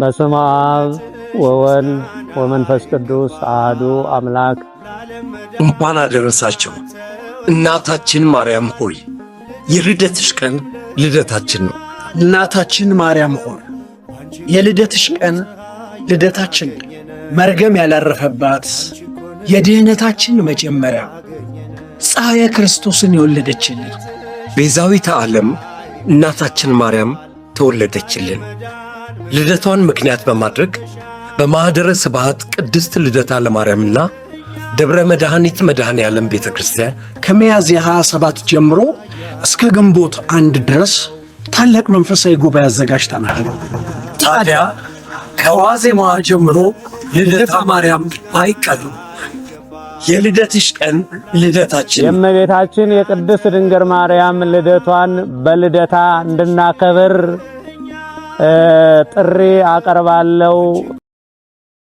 በስመ አብ ወወልድ ወመንፈስ ቅዱስ አህዱ አምላክ። እንኳን አደረሳቸው። እናታችን ማርያም ሆይ የልደትሽ ቀን ልደታችን ነው። እናታችን ማርያም ሆይ የልደትሽ ቀን ልደታችን፣ መርገም ያላረፈባት የድህነታችን መጀመሪያ ፀሐየ ክርስቶስን የወለደችልን ቤዛዊተ ዓለም እናታችን ማርያም ተወለደችልን። ልደቷን ምክንያት በማድረግ በማኅደረ ስብሐት ቅድስት ልደታ ለማርያምና ደብረ መድኃኒት መድኃኔ ዓለም ቤተ ክርስቲያን ከሚያዝያ 27 ጀምሮ እስከ ግንቦት አንድ ድረስ ታላቅ መንፈሳዊ ጉባኤ አዘጋጅተናል። ታዲያ ከዋዜማ ጀምሮ ልደታ ማርያም አይቀርም። የልደትሽ ቀን ልደታችን የእመቤታችን የቅድስት ድንግል ማርያም ልደቷን በልደታ እንድናከብር ጥሪ አቀርባለሁ።